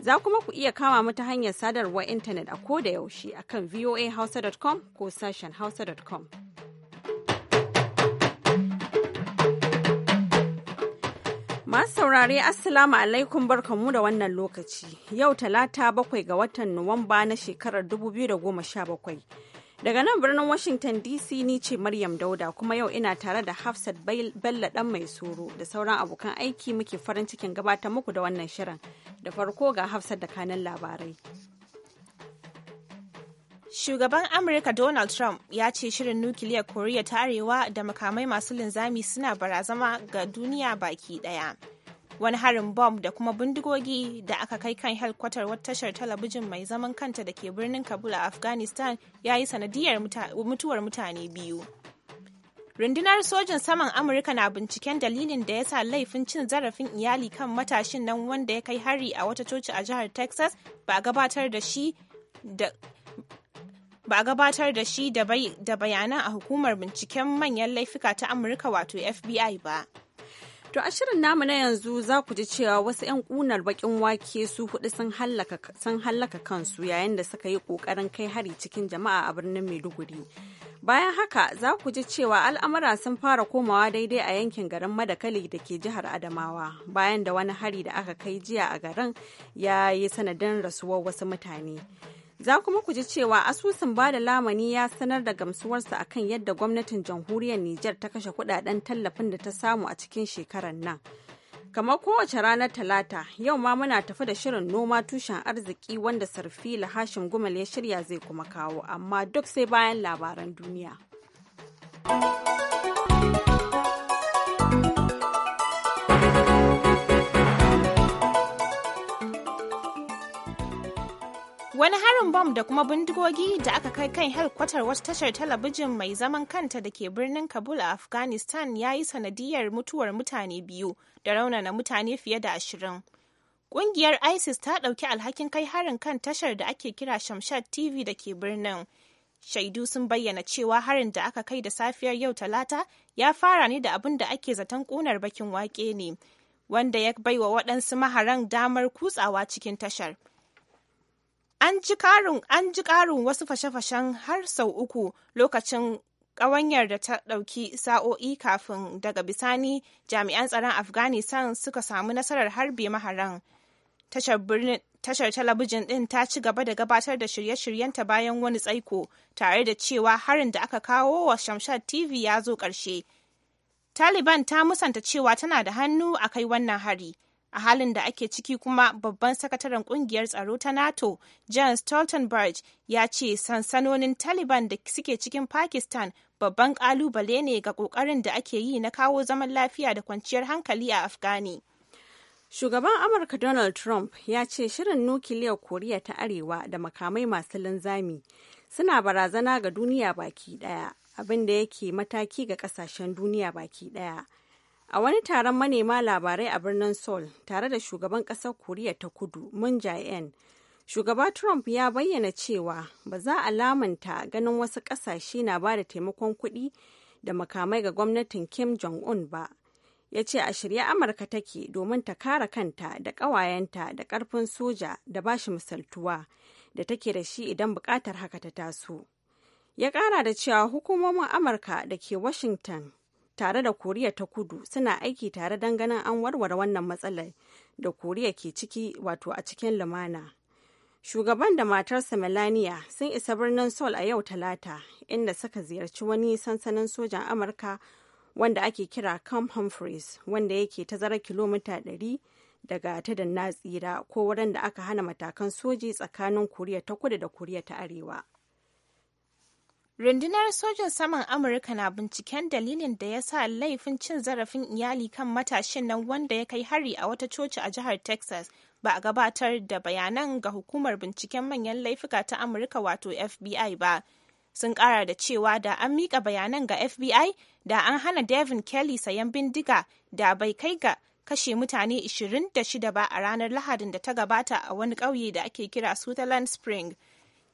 Za kuma ku iya kama mu ta hanyar sadarwar intanet a ko da yaushe a kan voahausa.com ko sashen hausa.com. Masu saurare Assalamu alaikum barkanmu da wannan lokaci. Yau talata bakwai ga watan Nuwamba na shekarar 2017. Daga nan birnin Washington DC ni ce Maryam Dauda kuma yau ina tare da Hafsat Bello dan mai soro da sauran abokan aiki muke farin cikin gabatar muku da wannan shirin. Da farko ga Hafsat da kanan labarai. Shugaban Amurka Donald Trump ya ce shirin nukiliyar Koriya ta Arewa da makamai masu linzami suna barazama ga duniya baki ɗaya. wani harin bom da kuma bindigogi da aka kai kan helkwatar wata tashar talabijin mai zaman kanta da ke birnin kabul a afghanistan ya yi sanadiyar mutuwar mutane biyu rundunar sojin saman amurka na binciken dalilin da ya sa laifin cin zarafin iyali kan matashin nan wanda ya kai hari a wata coci a jihar texas ba a gabatar da shi da ba a gabatar da shi da bayanan a hukumar binciken manyan laifuka ta amurka wato fbi ba To a shirin namu na yanzu za ku ji cewa wasu 'yan kunar baƙin wake su hudu sun hallaka kansu yayin da suka yi ƙoƙarin kai hari cikin jama'a a birnin Maiduguri. Bayan haka za ku ji cewa al'amura sun fara komawa daidai a yankin garin Madakali da ke jihar Adamawa bayan da wani hari da aka kai jiya a garin ya yi sanadin rasuwar wasu mutane. Za kuma ku ji cewa asusun bada lamani ya sanar da gamsuwarsa akan yadda gwamnatin jamhuriyar Nijar ta kashe kudaden tallafin da ta samu a cikin shekarar nan. Kamar kowace ranar Talata, yau ma muna tafi da shirin noma tushen arziki wanda sarfi Hashim Gumal ya shirya zai kuma kawo, amma duk sai bayan labaran duniya. wani harin bom da kuma bindigogi da aka kai kan helkwatar wata tashar talabijin mai zaman kanta da ke birnin kabul a afghanistan ya yi sanadiyar mutuwar mutane biyu da raunana mutane fiye da ashirin ƙungiyar isis ta ɗauki alhakin kai harin kan tashar da ake kira shamshad tv da ke birnin shaidu sun bayyana cewa harin da aka kai da safiyar yau talata ya fara ne da abin da ake zaton ƙunar bakin wake ne wanda ya baiwa waɗansu maharan damar kutsawa cikin tashar An ji ƙarin wasu fashe-fashen har sau uku lokacin ƙawanyar da ta ɗauki sa'o'i kafin daga bisani jami'an tsaron Afghanistan suka samu nasarar harbe maharan. Tashar talabijin ɗin ta ci gaba da gabatar da shirye-shiryenta bayan wani tsaiko tare da cewa harin da aka kawo wa Shamshad TV ya zo ƙarshe. Taliban ta musanta cewa tana da hannu a kai wannan hari. a halin da ake ciki kuma babban sakataren kungiyar tsaro ta nato john stoltenberg ya ce sansanonin taliban da suke cikin pakistan babban kalubale ne ga kokarin da ake yi na kawo zaman lafiya da kwanciyar hankali a afghani Shugaban Amurka Donald Trump ya ce shirin nukiliyar Koriya ta Arewa da makamai masu linzami suna barazana ga duniya baki daya abinda yake mataki ga kasashen duniya baki daya A wani taron manema labarai a birnin Seoul tare da shugaban ƙasar Koriya ta Kudu Moon Jae-in, shugaba Trump ya bayyana cewa ba za a lamanta ganin wasu ƙasashe na ba da taimakon kuɗi da makamai ga gwamnatin Kim Jong-un ba. Ya ce a shirya Amurka take domin ta kare kanta da ƙawayenta da ƙarfin soja da bashi misaltuwa da take da shi idan buƙatar haka ta taso. ya ƙara da cewa hukumomin amurka da ke washington tare da koriya ta kudu suna aiki tare don ganin an warware wannan matsalar da koriya ke ciki wato a cikin lumana shugaban da matarsa melania sun isa birnin seoul a yau talata inda suka ziyarci wani sansanin sojan amurka wanda ake kira camp humphreys wanda yake zara kilomita 100 daga ta na tsira ko wurin da aka hana matakan soji tsakanin koriya ta kudu da koriya ta arewa Rundunar sojin saman Amurka na binciken dalilin da ya sa laifin cin zarafin iyali kan matashin nan wanda ya kai hari a wata coci a jihar Texas ba a gabatar da bayanan ga hukumar binciken manyan laifuka ta Amurka wato FBI ba. Sun kara da cewa da an miƙa bayanan ga FBI da an hana Devin Kelly sayan bindiga da bai kai ga kashe mutane 26 ba a ranar Lahadin da ta gabata a wani ƙauye da ake kira Sutherland Spring.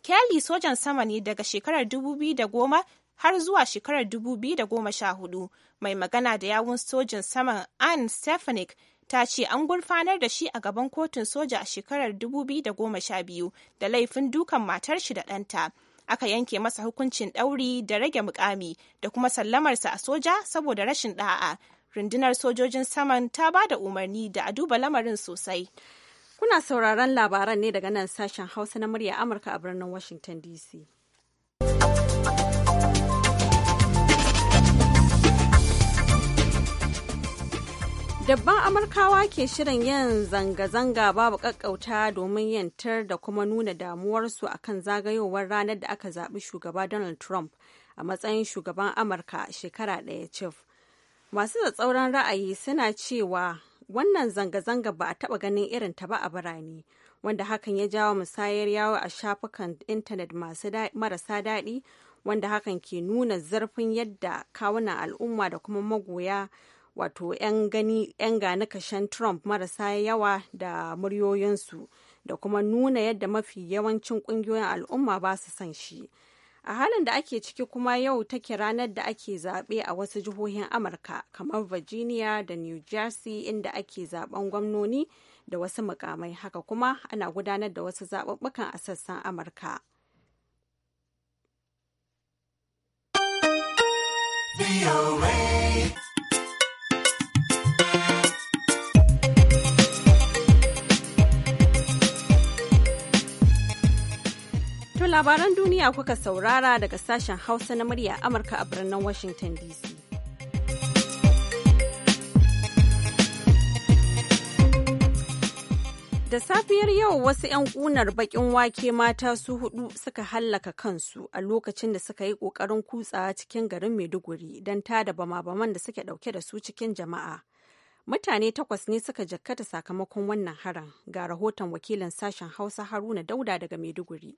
Kelly sojan sama ne daga shekarar 2010 har zuwa shekarar 2014. Mai magana da yawun sojan saman Anne Stefanik ta ce an gurfanar da shi a gaban kotun soja a shekarar 2012 da laifin dukan matar shi da ɗanta. Aka yanke masa hukuncin ɗauri da rage mukami da kuma sallamarsa a soja saboda rashin ɗa'a. Rundunar sojojin saman ta ba da umarni da a duba lamarin sosai. Kuna sauraron labaran ne daga nan sashen Hausa na murya Amurka a birnin Washington DC. Dabban Amurkawa ke shirin yin zanga-zanga babu ƙaƙƙauta domin yantar da kuma nuna damuwarsu a kan zagayowar ranar da aka zaɓi shugaba Donald Trump a matsayin shugaban Amurka shekara ɗaya cif. Masu tsatsauran ra'ayi suna cewa wannan zanga-zanga ba a taɓa ganin irin ta ba a birane wanda hakan ya jawo musayar yawo a shafukan intanet marasa daɗi wanda hakan ke nuna zarfin yadda kawunan al'umma da kuma magoya wato 'yan gani 'yan gani kashen trump marasa yawa da muryoyinsu da kuma nuna yadda mafi yawancin ƙungiyoyin al'umma ba su son shi a halin da ake ciki kuma yau take ranar da ake zaɓe a wasu jihohin amurka kamar virginia da new jersey inda ake zaben gwamnoni da wasu mukamai haka kuma ana gudanar da wasu zaɓuɓɓukan a sassan amurka VOA. labaran duniya kuka saurara daga sashen Hausa na murya Amurka a birnin Washington DC. Da safiyar yau wasu 'yan kunar baƙin wake mata su hudu suka hallaka kansu a lokacin da suka yi ƙoƙarin kutsawa cikin garin Maiduguri don tada bama-baman da suke ɗauke da su cikin jama'a. Mutane takwas ne suka jakkata sakamakon wannan haran ga rahoton wakilin sashen Hausa Haruna Dauda daga Maiduguri.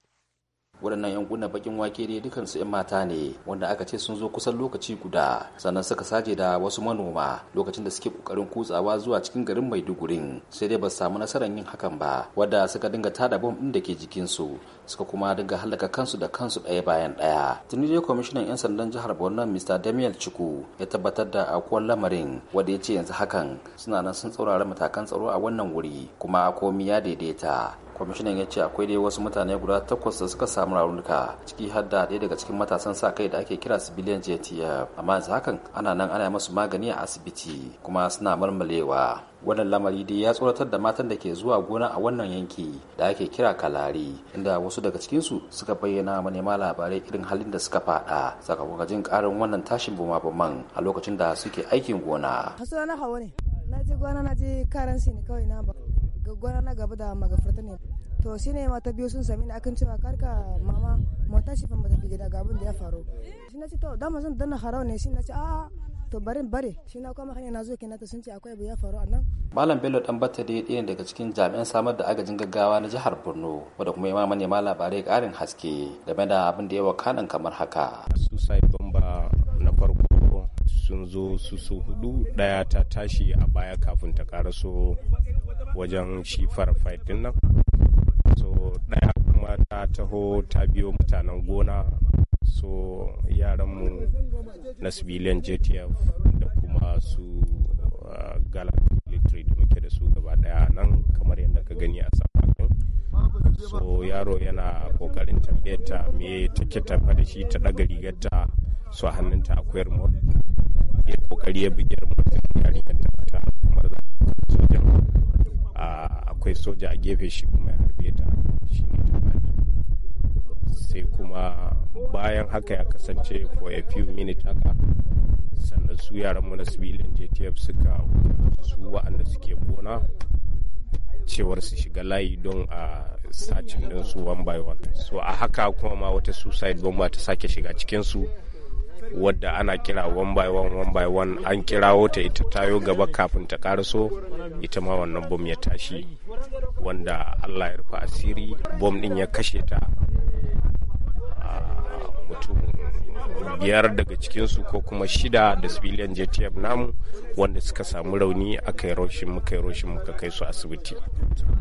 waɗannan yankunan bakin wake ne dukansu 'yan mata ne wanda aka ce sun zo kusan lokaci guda sannan suka saje da wasu manoma lokacin da suke kokarin kutsawa zuwa cikin garin maidugurin sai dai ba su samu nasarar yin hakan ba wadda suka dinga tada bom ɗin da ke jikinsu suka kuma dinga halaka kansu da kansu ɗaya bayan ɗaya tuni dai kwamishinan 'yan sandan jihar borno mr damiel chiku ya tabbatar da akuwar lamarin wanda ya ce yanzu hakan suna nan sun tsaurara matakan tsaro a wannan wuri kuma komi ya daidaita kwamishinan ya ce akwai dai wasu mutane guda takwas da suka samu raunuka ciki har da ɗaya daga cikin matasan sa kai da ake kira civilian jtf amma yanzu hakan ana nan ana masu magani a asibiti kuma suna marmalewa wannan lamari dai ya tsoratar da matan da ke zuwa gona a wannan yanki da ake kira kalari inda wasu daga cikinsu suka bayyana manema labarai irin halin da suka fada sakamakon jin karin wannan tashin bumabuman a lokacin da suke aikin gona. na hawa ne na ji gona ne kawai na ba gwana na gaba da magafarta ne to shi ne mata biyu sun sami akan cewa karka mama mota shi fa mata gida ga abin da ya faru shi na ce to dama zan danna harau ne shi na ce a to bari bari shi na kuma hanya na zo kenan ta sun ce akwai abu ya faru a nan malam bello dan batta da ɗaya daga cikin jami'an samar da agajin gaggawa na jihar borno wanda kuma ne ma labarai karin haske game da abin da ya wakanan kamar haka su sai bomba na farko sun zo su su hudu daya ta tashi a baya kafin ta karaso wajen shi fara din nan so ɗaya kuma ta taho ta biyo mutanen gona so yaranmu na civilian jtf da kuma su uh, galan military da muke da su gaba daya nan kamar yadda ka gani a safakin so yaro yana kokarin tambayarta me take tafa da shi ta daga rigarta su hannunta akwai remote ya kokari ya bugi remote yarinyar akwai soja a gefe shi kuma ya harbe ta shi ne sai kuma bayan haka ya kasance for a few minutes haka sannan su yaran mu na civilian jtf suka su wa'anda suke gona cewar su shiga layi don a sacin din su one by one so a haka kuma ma wata suicide bomba ta sake shiga cikin su wadda ana kira one by one one by one an kirawo ta ita tayo gaba kafin ta karaso ita ma wannan bom ya tashi wanda allah ya rufe asiri bom din ya kashe ta ah, mutum biyar daga cikinsu ko kuma shida da civilian jtf namu wanda suka samu rauni aka yi roshin muka yi roshin muka kai su asibiti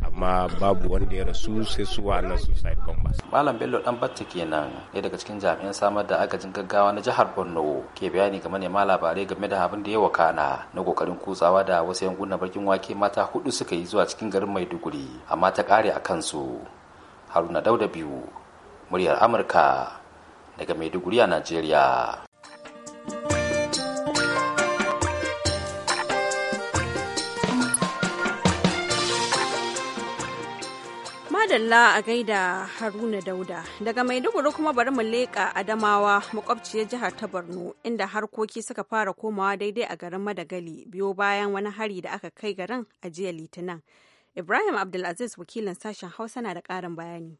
amma babu wanda ya rasu sai su wa nan suicide bombers malam bello dan batta kenan ne daga cikin jami'an samar da agajin gaggawa na jihar borno ke bayani ga manema labarai game da abin da ya wakana na kokarin kutsawa da wasu yankunan bakin wake mata hudu suka yi zuwa cikin garin maiduguri amma ta kare a kansu haruna dauda biyu muryar amurka daga Maiduguri a Najeriya. Madalla a gaida Haruna Dauda. Daga Maiduguri kuma bari mu leƙa Adamawa makwabciyar jihar ta Borno inda harkoki suka fara komawa daidai a garin Madagali biyo bayan wani hari da aka kai garin a jiya Litinin. Ibrahim Abdulaziz wakilin sashen Hausa na da ƙarin bayani.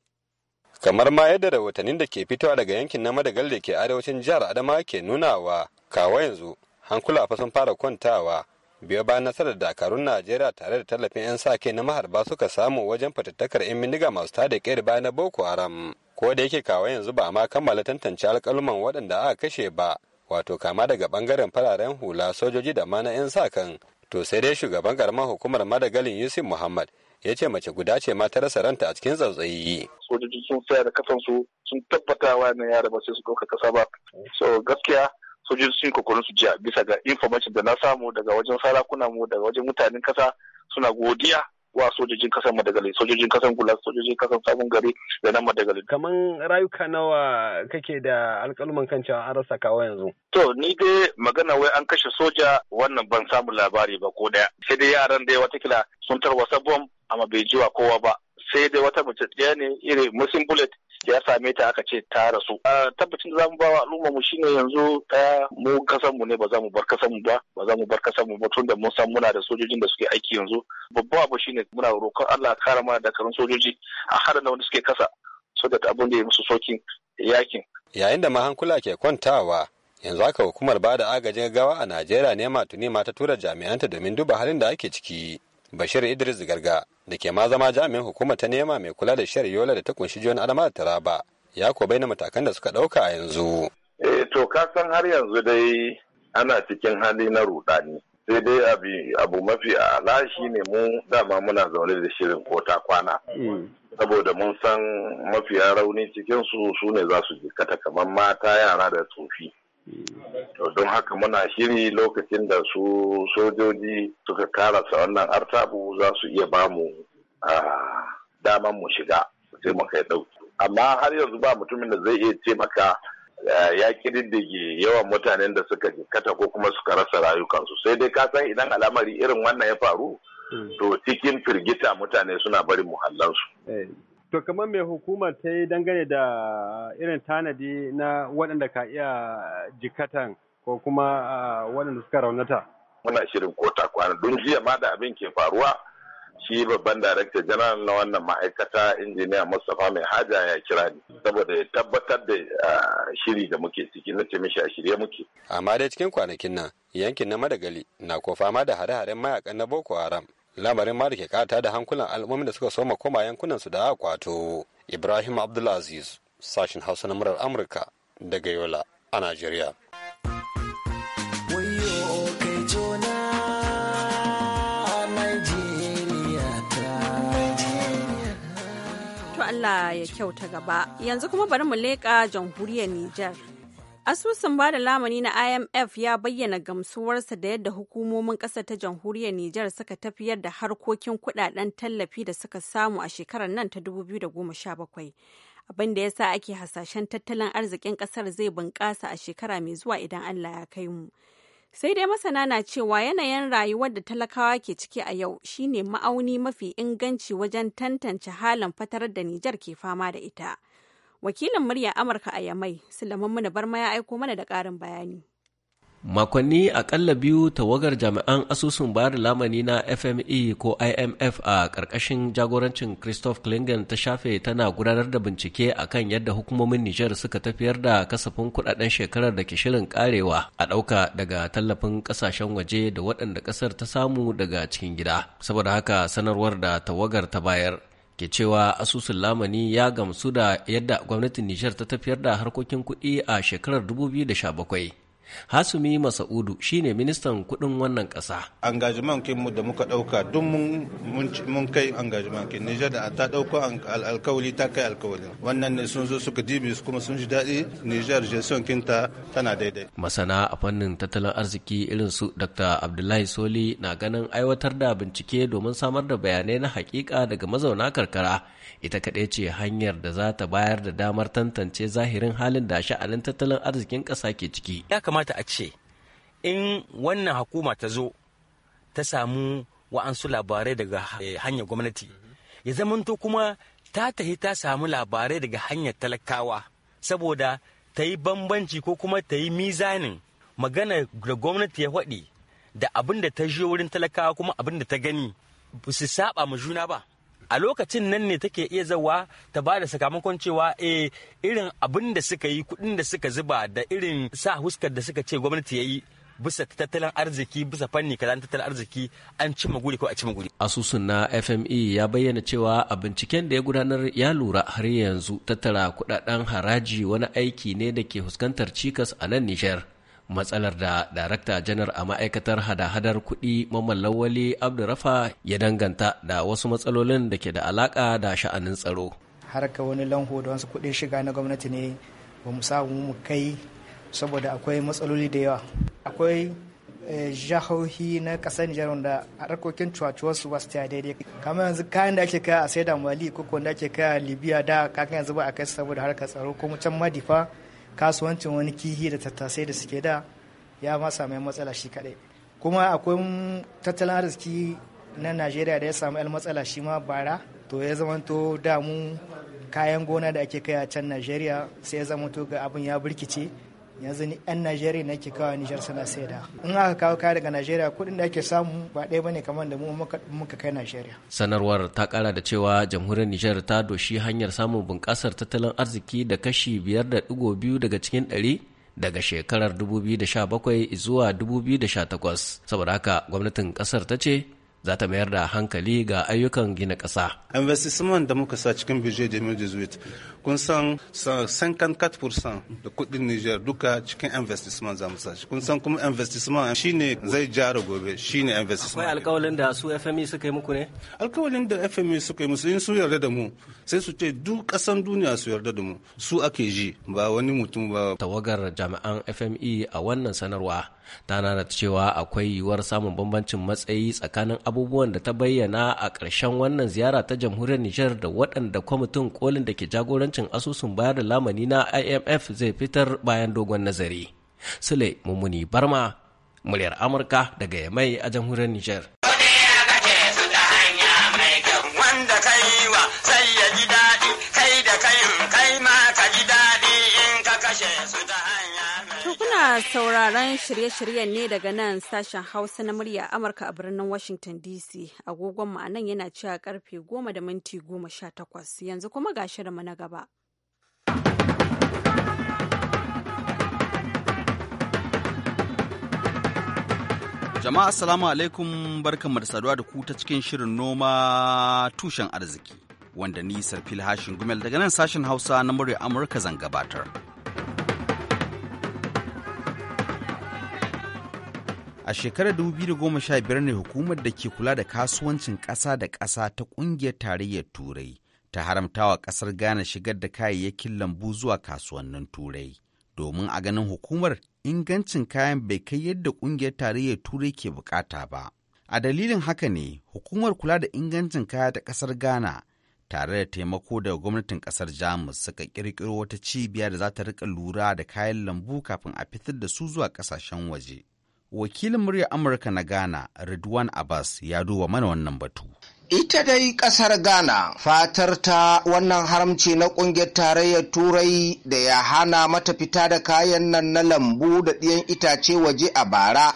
kamar ma yadda rahotannin da ke fitowa daga yankin na madagal da ke arewacin jihar adama ke nunawa kawo yanzu hankula fa sun fara kwantawa biyo bayan nasarar dakarun najeriya tare da tallafin 'yan sa ke na maharba suka samu wajen fatattakar 'yan bindiga masu tada kayar baya na boko haram ko da yake kawo yanzu ba ma kammala tantance alkaluman waɗanda aka kashe ba wato kama daga bangaren fararen hula sojoji da ma na 'yan sa kan to sai dai shugaban karamar hukumar madagalin yusuf muhammad ya ce mace guda ce ma ta rasa ranta a cikin tsautsayi. sojoji sun tsaya da kasansu sun tabbata wa na yara ba sai su ɗauka kasa ba so gaskiya sojoji sun yi kokarin su jiya bisa ga information da na samu daga wajen sarakuna mu daga wajen mutanen kasa suna godiya wa sojojin kasar madagali sojojin kasar gula sojojin kasar sabon gari da nan madagali kaman rayuka nawa kake da alƙaluman kan cewa an rasa kawo yanzu to ni dai magana wai an kashe soja wannan ban samu labari ba ko daya sai dai yaran dai watakila sun tarwasa bom amma bai jiwa kowa ba sai dai wata mace ɗaya ne irin musin bullet ya same ta aka ce ta rasu a tabbacin da zamu bawa al'umma mu shine yanzu ɗaya mu kasan mu ne ba za mu bar kasan mu ba ba za mu bar kasan mu ba tun da mun san muna da sojojin da suke aiki yanzu babban abu shine muna roƙon Allah kare mana da karin sojoji a hada da wanda suke kasa so da abin da ya musu sokin yakin yayin da mahankula ke kwantawa yanzu haka hukumar ba da agajin gawa a najeriya ne matuni ma ta tura jami'anta domin duba halin da ake ciki Bashir Idris Garga da ke ma zama jami'in hukumar ta nema mai kula da shiyar Yola da ta kunshi jiyon Adama da Taraba ya ko na matakan da suka ɗauka a yanzu. Eh to ka san har yanzu dai ana cikin hali na rudani. Sai dai abu mafi ala shi ne mu dama muna zaune da shirin kota kwana. Mm. Saboda mun san mafiya rauni cikin su ne za su jikata kamar mata yara da tsofi. to don haka muna shiri lokacin da su sojoji suka karasa wannan artabu za su iya bamu daman mu shiga sai maka ya dauki amma har yanzu ba mutumin da zai iya ce maka ya kididdige yawan mutanen da suka jikata ko kuma suka rasa rayukansu sai dai ka san idan al'amari irin wannan ya faru hmm. to cikin firgita mutane suna barin muhallansu eh. To kamar mai hukumar ta yi dangane da irin tanadi na waɗanda ka iya jikatan ko kuma ah, waɗanda suka raunata. Muna shirin kota kwana don jiya ma da abin ke faruwa shi babban darakta janar na wannan ma'aikata injiniya Mustapha mai haja ya kira ni saboda ya tabbatar da ah, shiri da muke ciki na ce mishi a shirye muke. Amma dai cikin kwanakin nan yankin na Madagali na ko fama da hare-haren mayakan na Boko Haram lamarin ma da ke kata da hankulan al'ummomin da suka soma koma yankunan su da kwato ibrahim abdulaziz sashin hausa na murar amurka daga yola a najeriya Allah ya kyauta gaba yanzu kuma bari mu leƙa jamhuriyar Nijar. Asusun bada lamani na IMF ya bayyana gamsuwarsa da yadda hukumomin ƙasa ta jamhuriyar Nijar suka tafiyar da harkokin kudaden tallafi da suka samu a shekarar nan ta 2017. Abin da ya sa ake hasashen tattalin arzikin ƙasar zai bunƙasa a shekara mai zuwa idan Allah ya kai mu. Sai dai masana na cewa yanayin rayuwar da talakawa ke ciki a yau shine ma'auni mafi inganci wajen tantance halin fatarar da Nijar ke fama da ita. wakilin murya amurka a yamai sulaiman mana barma ya aiko mana da ƙarin bayani makonni akalla biyu tawagar jami'an asusun bayar da lamani na fme ko imf a ƙarƙashin jagorancin christoph klingen ta shafe tana gudanar da bincike akan yadda hukumomin niger suka tafiyar da kasafin kudaden shekarar da ke shirin karewa a ɗauka daga tallafin ƙasashen waje da waɗanda ƙasar ta samu daga cikin gida saboda haka sanarwar da tawagar ta bayar ke cewa asusun lamani ya gamsu da yadda gwamnatin Nijar ta tafiyar da harkokin kuɗi a shekarar 2017. Hasumi Masa'udu shine ministan kudin wannan kasa Engagement mu da muka ɗauka duk mun kai engagement kin Nijar da ta dauko alkawali ta kai alkawali. Wannan ne sun zo suka dibi kuma sun ji daɗi Nijar gestion kinta tana daidai. Masana a fannin tattalin arziki irin su Dr. Abdullahi Soli na ganin aiwatar da bincike domin samar da bayanai na hakika daga mazauna karkara ita kaɗai ce hanyar da za ta bayar da damar tantance zahirin halin da sha'anin tattalin arzikin ƙasa ke ciki ya kamata a ce in wannan hukuma ta zo ta samu wa'ansu labarai daga eh, hanyar gwamnati ya zamanto kuma ta tahi ta samu labarai daga hanyar talakawa saboda ta yi bambanci ko kuma ta yi mizanin magana da gwamnati ya faɗi da abin da ta je wurin talakawa kuma abin da ta gani su saba ma juna ba a lokacin nan ne take iya zawa ta ba da sakamakon cewa e irin abin da suka yi kuɗin da suka zuba da irin sa huskar da suka ce gwamnati ya yi bisa tattalin arziki bisa fanni kaza tattalin arziki an cimma guri ko a cimma guri. Asusun na FME ya bayyana cewa a binciken da ya gudanar ya lura har yanzu tattara kudaden haraji wani aiki ne da ke huskantar cikas a nan Nijar. matsalar da darakta janar a ma'aikatar hada-hadar kuɗi Lawali abdurrafa ya danganta da wasu matsalolin da ke da alaƙa da sha'anin tsaro harka wani lanho da wasu kuɗin shiga na gwamnati ne ba mu samu mu kai saboda akwai matsaloli da yawa akwai eh, jahohi na ƙasar Nijar wanda harkokin cuwacuwarsu ba su daidai kama yanzu kayan da ake kaya a saida mali ko da ake kaya libya da kakan yanzu ba a kai saboda harkar tsaro ko mu can madifa kasuwancin wani kihi da tattasai da suke da ya ma samu matsala shi kadai kuma akwai tattalin arziki na najeriya da ya samu yan matsala shi ma bara to ya zama zamanto damu kayan gona da ake kai a can najeriya sai ya zama to ga abin ya birkice yanzu ni yan najeriya na ke kawo nijar suna saida in aka kawo kaya daga najeriya kuɗin da ake samu ba ɗaya bane kamar da mu muka kai najeriya sanarwar ta kara da cewa jamhuriyar nijar ta doshi hanyar samun bunƙasar tattalin arziki da kashi biyar da ɗigo biyu daga cikin ɗari daga shekarar 2017 zuwa 2018 saboda haka gwamnatin ƙasar ta ce za ta mayar da hankali ga ayyukan gina ƙasa. investissement da muka sa cikin budget 2018 kun san 54% da kudin Niger duka cikin investissement za mu sashi kun san kuma investissement shine zai jara gobe shine investissement akwai alƙawalin da su FMI e suka yi muku ne alƙawalin da FMI e suka yi musu in su yarda da mu sai su ce duk kasan duniya su yarda da mu su ake ji ba wani mutum ba tawagar jami'an FMI e a wannan sanarwa ta nana cewa akwai yiwuwar samun bambancin matsayi tsakanin abubuwan da ta bayyana a ƙarshen wannan ziyara ta jamhuriyar Nijar da waɗanda kwamitin kolin da ke jagoranci. hukuncin asusun bayar da lamani na imf zai fitar bayan dogon nazari sule mummuni barma muryar amurka daga yamai a jamhuriyar Nijar. sauraron shirye-shiryen ne daga nan sashen Hausa na murya Amurka a birnin Washington DC. Agogon mu nan yana cewa karfe goma Yanzu kuma ga shirinmu na gaba. Jama'a Assalamu alaikum barkanmu da saduwa da ku ta cikin shirin noma tushen arziki wanda ni Sarfil Hashin Gumel daga nan sashen Hausa na murya Amurka zan gabatar. A shekarar 2015 ne hukumar da ke kula da kasuwancin ƙasa da ƙasa ta ƙungiyar tarayyar Turai ta haramtawa ƙasar Ghana shigar da kayayyakin lambu zuwa kasuwannin Turai. Domin a ganin hukumar ingancin kayan bai kai yadda ƙungiyar tarayyar Turai ke bukata ba. A dalilin haka ne hukumar kula da ingancin kaya ta ƙasar Ghana tare da taimako daga gwamnatin ƙasar Jamus suka ƙirƙiro wata cibiya da za ta riƙa lura da kayan lambu kafin a fitar da su zuwa ƙasashen waje. wakilin muryar amurka na ghana ridwan abbas ya duba mana wannan batu Ita dai ƙasar Ghana fatar ta wannan haramci na ƙungiyar tarayyar Turai da ya hana mata fita da kayan nan na lambu da ɗiyan itace waje a bara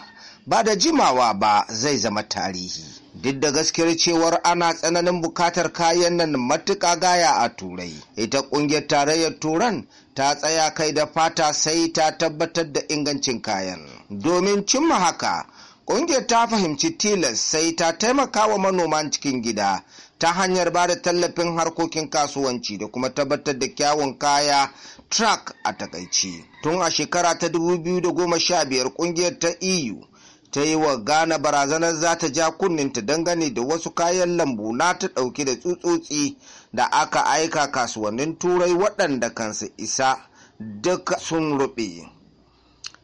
ba da jimawa ba zai zama tarihi duk da gaskiyar cewar ana tsananin bukatar kayan nan matuƙa gaya a turai ita ƙungiyar tarayyar turan ta tsaya kai da fata sai ta tabbatar da ingancin kayan domin cimma haka ƙungiyar ta fahimci tilas sai ta taimaka wa manoman cikin gida ta hanyar ba da tallafin harkokin kasuwanci da kuma tabbatar da kyawun kaya track a takaici tun a shekara ta 2015 ƙungiyar ta eu ta yi wa Ghana barazanar za ta ja kunninta dangane da wasu kayan lambu na ta ɗauki da tsutsotsi da aka aika kasuwannin turai waɗanda kansu isa duka sun ruɓe.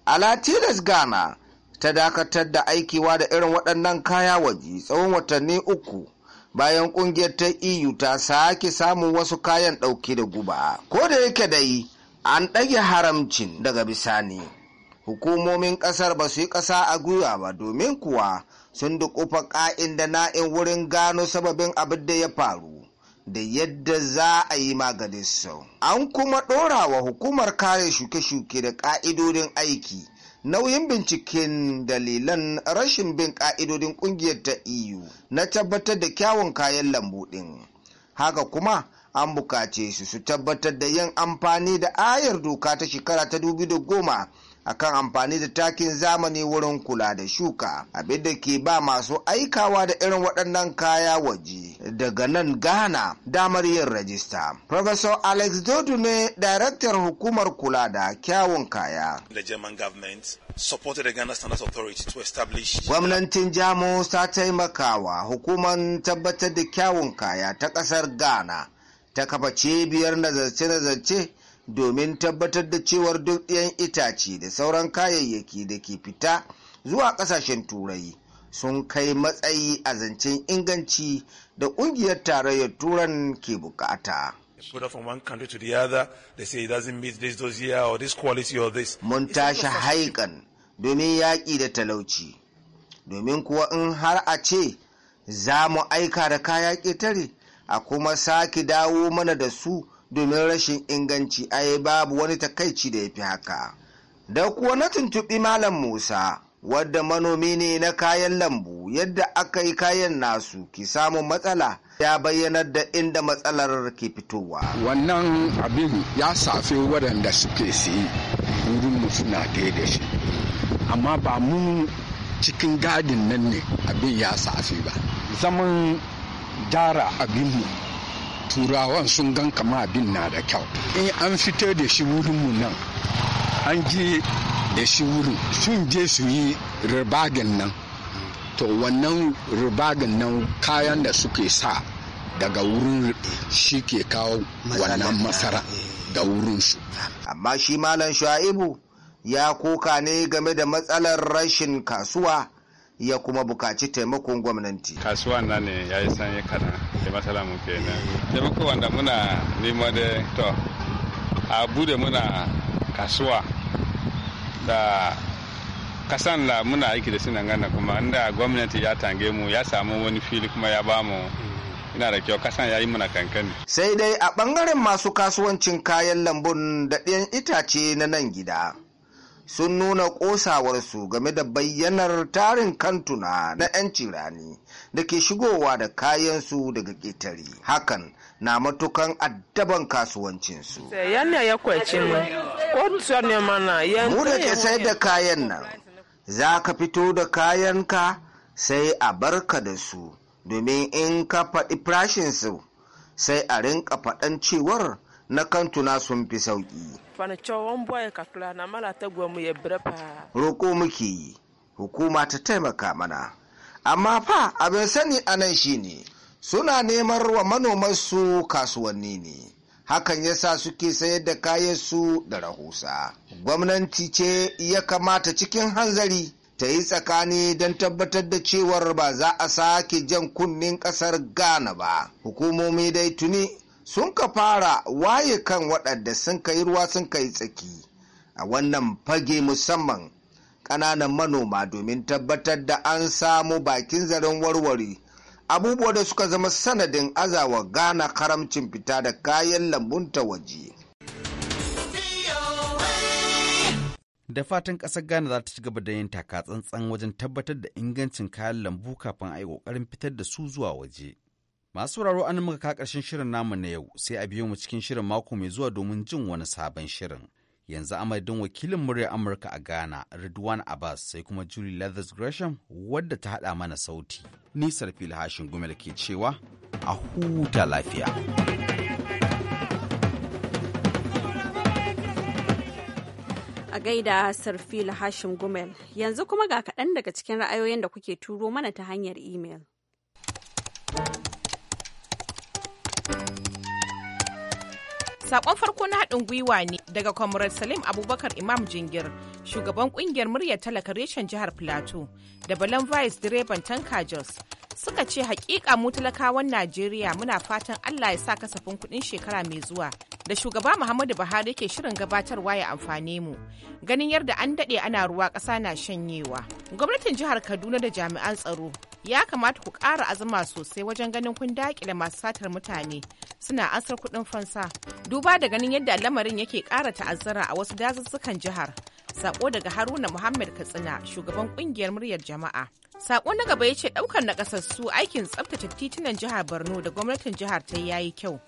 Alatilas Ghana ta dakatar da aikiwa da irin waɗannan kaya waje tsawon watanni uku bayan ƙungiyar ta EU ta sake samun wasu kayan ɗauke da guba. Ko da yake dai an ɗage haramcin daga bisani. hukumomin kasar ba su yi kasa a gwiwa ba domin kuwa sun dukufa ka'in da na'in wurin gano sababin abin da ya faru da yadda za a yi maganin sau an kuma ɗora wa hukumar kare shuke-shuke da ƙa'idodin aiki nauyin binciken dalilan rashin bin ƙa'idodin ƙungiyar ta eu na tabbatar da kyawun kayan lambu ɗin haka kuma an bukace su su tabbatar da yin amfani da ayar doka ta shekara ta goma. akan amfani da takin zamani wurin kula da shuka abinda ke ba masu aikawa da irin waɗannan kaya waje daga nan ghana damar yin rajista professor alex dodu ne daraktar hukumar kula da kyawun kaya Gwamnatin Jamus ta taimakawa hukumar tabbatar da kyawun kaya ta ƙasar Ghana ta kafa cibiyar nazarce-nazarce domin tabbatar da cewar duk ɗayan itace da sauran kayayyaki da ke fita zuwa ƙasashen turai sun kai matsayi a zancen inganci da ƙungiyar tarayyar turan ke bukata. Mun tashi haikan domin yaƙi da talauci, domin kuwa in har a ce za mu aika da kaya ƙetare a kuma sake dawo mana da su domin rashin inganci ai babu wani takaici da ya fi haka da kuwa na tuntuɓi malam musa wadda manomi ne na kayan lambu yadda aka yi kayan nasu ki samun matsala ya bayyanar da inda matsalar ke fitowa wannan abin ya safe waɗanda suke siyi wurinmu suna ɗaya da shi amma ba mu cikin gadin nan ne abin ya safe ba zaman dara abinmu turawan sun gan kama abin na da kyau in an fito da shi wurinmu nan an je da shi wurin sun je su yi ribagen nan to wannan ribagen nan kayan da suke sa daga wurin shi ke kawo wannan masara da su. amma shi malam sha'ibu ya kuka ne game da matsalar rashin kasuwa ya kuma bukaci taimakon gwamnati kasuwa na ne ya yi sanye kanan ke matsala mu kenan taimako wanda muna nema da to a bude muna kasuwa da kasan la muna aiki da sinan gana kuma inda gwamnati ya tange mu ya samu wani fili kuma ya bamu ina da kyau kasan ya yi muna kankani. sai dai a bangaren masu kasuwancin kayan lambun da itace na nan gida sun nuna ƙosawarsu game da bayyanar tarin kantuna na 'yancin rani da ke shigowa da kayansu daga ƙetare hakan na matukan addaban kasuwancinsu mu da ke sayar da kayan nan za ka fito da kayanka sai a barka da su domin in ka faɗi farashinsu sai a rinka faɗan cewar na kantuna sun fi sauƙi. Roko muke yi, hukuma ta taimaka mana. Amma fa abin sani a nan shi ne, suna neman wa su kasuwanni ne. Hakan yasa suke sayar da kayansu da rahusa. Gwamnati ce ya kamata cikin hanzari ta yi tsakani don tabbatar da cewar ba za a sake jan kunnen ƙasar Ghana ba. Hukumomi dai tuni sun ka fara waye kan waɗanda sun kai ruwa sun kai tsaki a wannan fage musamman ƙananan manoma domin tabbatar da an samu bakin zaren warware abubuwa da suka zama sanadin azawa gana karamcin fita da kayan lambun ta waje. da fatan ƙasar ghana za ta ci gaba da yin taka tsantsan wajen tabbatar da ingancin kayan lambu kafin a yi ƙoƙarin fitar da su zuwa waje Masu sauraro an muka ka ƙarshen shirin namu na yau sai a biyo mu cikin shirin mako mai zuwa domin jin wani sabon shirin. Yanzu amadin wakilin muryar Amurka a Ghana, Ridwan Abbas sai kuma Julie Leathers Gresham wadda ta haɗa mana sauti. Ni Sarfil Hashin Gumel ke cewa a huta lafiya. A gaida Sarfil Hashim Gumel, yanzu kuma ga kaɗan daga cikin ra'ayoyin da kuke turo mana ta hanyar imel. Sakon farko na haɗin gwiwa ne daga Comrade Salim Abubakar Imam Jingir, shugaban ƙungiyar muryar talaka reshen jihar Plateau, da Balan Vice direban Tanka Jos. Suka ce hakika mu talakawan Najeriya muna fatan Allah ya sa kasafin kuɗin shekara mai zuwa da shugaba Muhammadu Buhari ke shirin gabatarwa ya amfane mu. Ganin yadda an daɗe ana ruwa ƙasa na shanyewa. Gwamnatin jihar Kaduna da jami'an tsaro ya kamata ku ƙara azama sosai wajen ganin kun daƙile masu satar mutane suna asar kuɗin fansa duba da ganin yadda lamarin yake ƙara ta'azzara a wasu dazuzzukan jihar sako daga haruna muhammad katsina shugaban ƙungiyar muryar jama'a sako na gaba ya ce ɗaukar na aikin tsabtace titunan jihar borno da gwamnatin jihar ta yayi kyau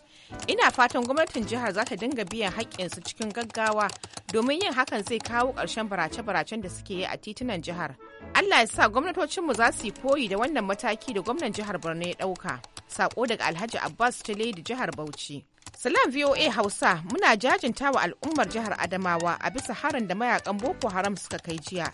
ina fatan gwamnatin jihar za ta dinga biyan haƙƙinsu cikin gaggawa domin yin hakan zai kawo ƙarshen barace-baracen da suke yi a titunan jihar Allah ya sa gwamnatocinmu za su yi koyi da wannan mataki da gwamnan jihar Borno ya ɗauka. Sako daga Alhaji Abbas ta Tiledi jihar Bauchi. Salam VOA Hausa muna jajinta wa al'ummar jihar Adamawa a bisa harin da mayakan Boko Haram suka kai jiya.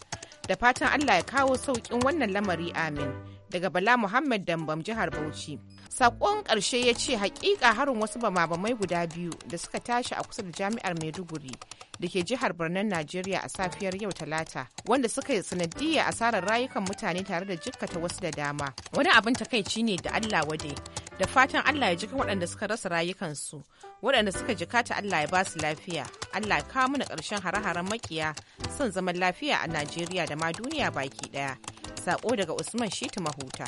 Da fatan Allah ya kawo sauƙin wannan lamari amin. daga Bala Muhammad Dambam jihar Bauchi. Sakon ƙarshe ya ce hakika harin wasu bamabamai guda biyu da suka tashi a kusa da jami'ar Maiduguri da ke jihar Birnin Najeriya a safiyar yau Talata wanda suka yi sanadiyya asarar rayukan mutane tare da jikkata wasu da dama. Wani abin takaici ne da Allah wade. da fatan Allah ya jikin waɗanda suka rasa rayukansu waɗanda suka jikata Allah ya basu lafiya Allah ya kawo mana ƙarshen hare-haren makiya son zaman lafiya a Najeriya da ma duniya baki ɗaya Saƙo daga Usman Shitu Mahuta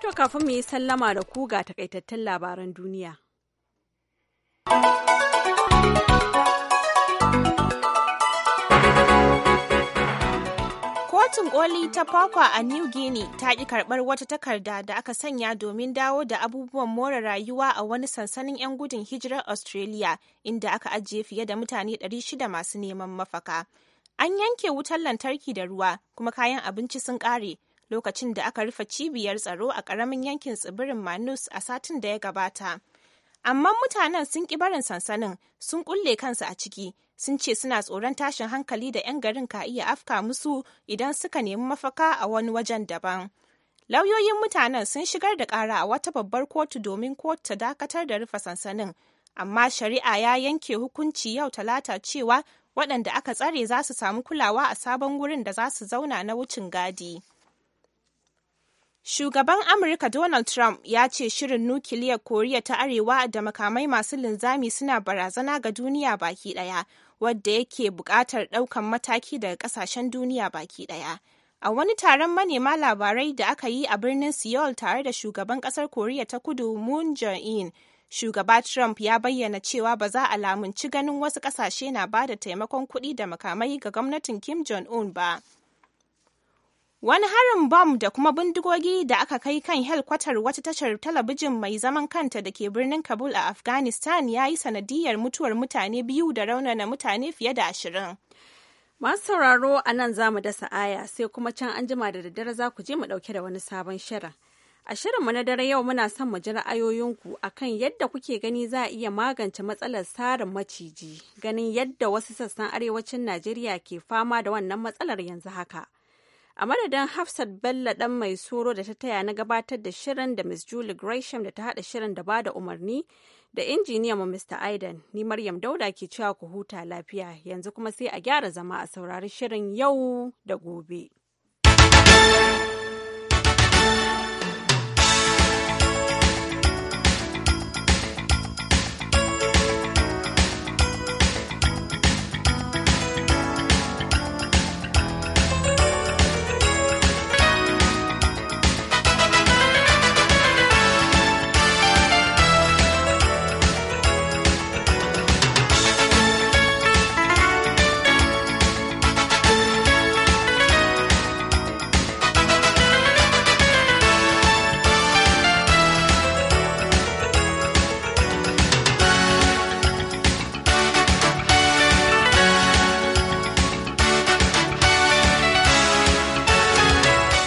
To kafin mu yi sallama da ku ga takaitattun labaran duniya. Kotun koli ta Pakwa a New Guinea ta ƙi karɓar wata takarda da aka sanya domin dawo da abubuwan more rayuwa a wani sansanin 'yan gudun hijirar Australia inda aka ajiye fiye da mutane 600 masu neman mafaka. An yanke wutar lantarki da ruwa kuma kayan abinci sun ƙare lokacin da aka rufe cibiyar tsaro a ƙaramin yankin tsibirin Manus a satin da ya gabata. amma mutanen sun ƙi barin sansanin sun kulle kansu a ciki sun ce suna tsoron tashin hankali da 'yan garin ka iya afka musu idan suka nemi mafaka a wani wajen daban lauyoyin mutanen sun shigar da ƙara a wata babbar kotu domin kotu ta dakatar da rufe sansanin amma shari'a ya yanke hukunci yau talata cewa waɗanda aka tsare za su samu kulawa a sabon wurin da za su zauna na wucin gadi. Shugaban Amurka Donald Trump ya ce shirin nukiliyar Koriya ta Arewa da makamai masu linzami suna barazana ga duniya baki ɗaya, wadda yake buƙatar ɗaukan mataki daga ƙasashen duniya baki ɗaya. A wani taron manema labarai da aka yi a birnin Seoul tare da shugaban ƙasar Koriya ta Kudu Moon Jae-in, shugaba Trump ya bayyana cewa ba za a lamunci ganin wasu ƙasashe na ba da taimakon kuɗi da makamai ga gwamnatin Kim Jong-un ba. Wani harin bom da kuma bindigogi da aka kai kan helkwatar wata tashar talabijin mai zaman kanta da ke birnin Kabul a Afghanistan ya yi sanadiyar mutuwar mutane biyu da raunana mutane fiye da ashirin. Masu sauraro a nan za mu dasa aya sai kuma can an jima da daddare za ku je mu ɗauke da wani sabon shirin. A shirinmu na dare yau muna son mu ji ra'ayoyinku kan yadda kuke gani za a iya magance matsalar sarin maciji ganin yadda wasu sassan arewacin Najeriya ke fama da wannan matsalar yanzu haka. a madadin hafsat bello dan mai soro da ta taya na gabatar da shirin da miss julie gresham da ta hada shirin da ba da umarni da injiniya mu mr aidan ni maryam dauda ke cewa ku huta lafiya yanzu kuma sai a gyara zama a saurari shirin yau da gobe